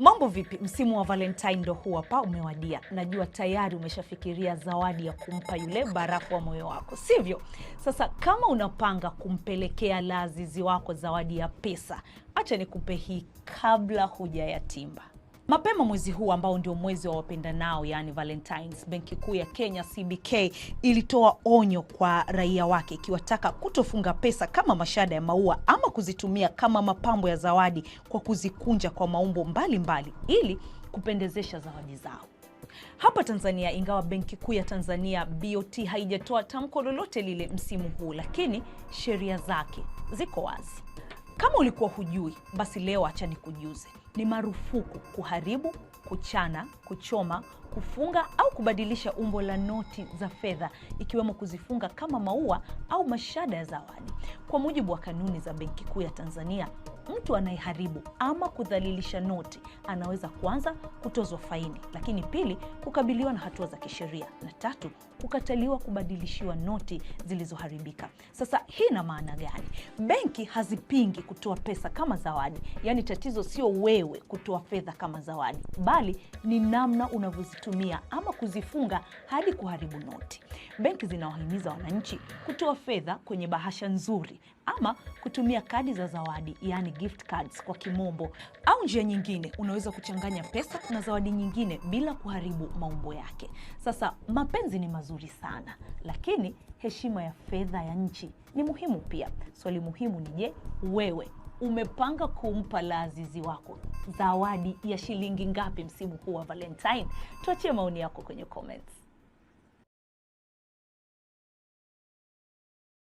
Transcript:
Mambo vipi? Msimu wa Valentine ndo huu hapa umewadia. Najua tayari umeshafikiria zawadi ya kumpa yule barafu wa moyo wako, sivyo? Sasa kama unapanga kumpelekea lazizi wako zawadi ya pesa, acha nikupe hii kabla hujayatimba. Mapema mwezi huu ambao ndio mwezi wa wapendanao, yani Valentines, Benki Kuu ya Kenya CBK ilitoa onyo kwa raia wake ikiwataka kutofunga pesa kama mashada ya maua ama kuzitumia kama mapambo ya zawadi kwa kuzikunja kwa maumbo mbalimbali mbali, ili kupendezesha zawadi zao. Hapa Tanzania, ingawa Benki Kuu ya Tanzania BOT haijatoa tamko lolote lile msimu huu, lakini sheria zake ziko wazi. Kama ulikuwa hujui, basi leo acha nikujuze. Ni marufuku kuharibu, kuchana, kuchoma, kufunga au kubadilisha umbo la noti za fedha, ikiwemo kuzifunga kama maua au mashada ya zawadi. Kwa mujibu wa kanuni za Benki Kuu ya Tanzania, mtu anayeharibu ama kudhalilisha noti anaweza kwanza kutozwa faini, lakini pili, kukabiliwa na hatua za kisheria, na tatu, kukataliwa kubadilishiwa noti zilizoharibika. Sasa hii ina maana gani? Benki hazipingi kuto kutoa pesa kama zawadi. Yaani tatizo sio wewe kutoa fedha kama zawadi, bali ni namna unavyozitumia ama kuzifunga hadi kuharibu noti. Benki zinawahimiza wananchi kutoa fedha kwenye bahasha nzuri ama kutumia kadi za zawadi, yani gift cards kwa kimombo, au njia nyingine. Unaweza kuchanganya pesa na zawadi nyingine bila kuharibu maumbo yake. Sasa mapenzi ni mazuri sana, lakini heshima ya fedha ya nchi ni muhimu pia. Swali muhimu ni je, wewe umepanga kumpa la azizi wako zawadi ya shilingi ngapi msimu huu wa Valentine? Tuachie maoni yako kwenye comments.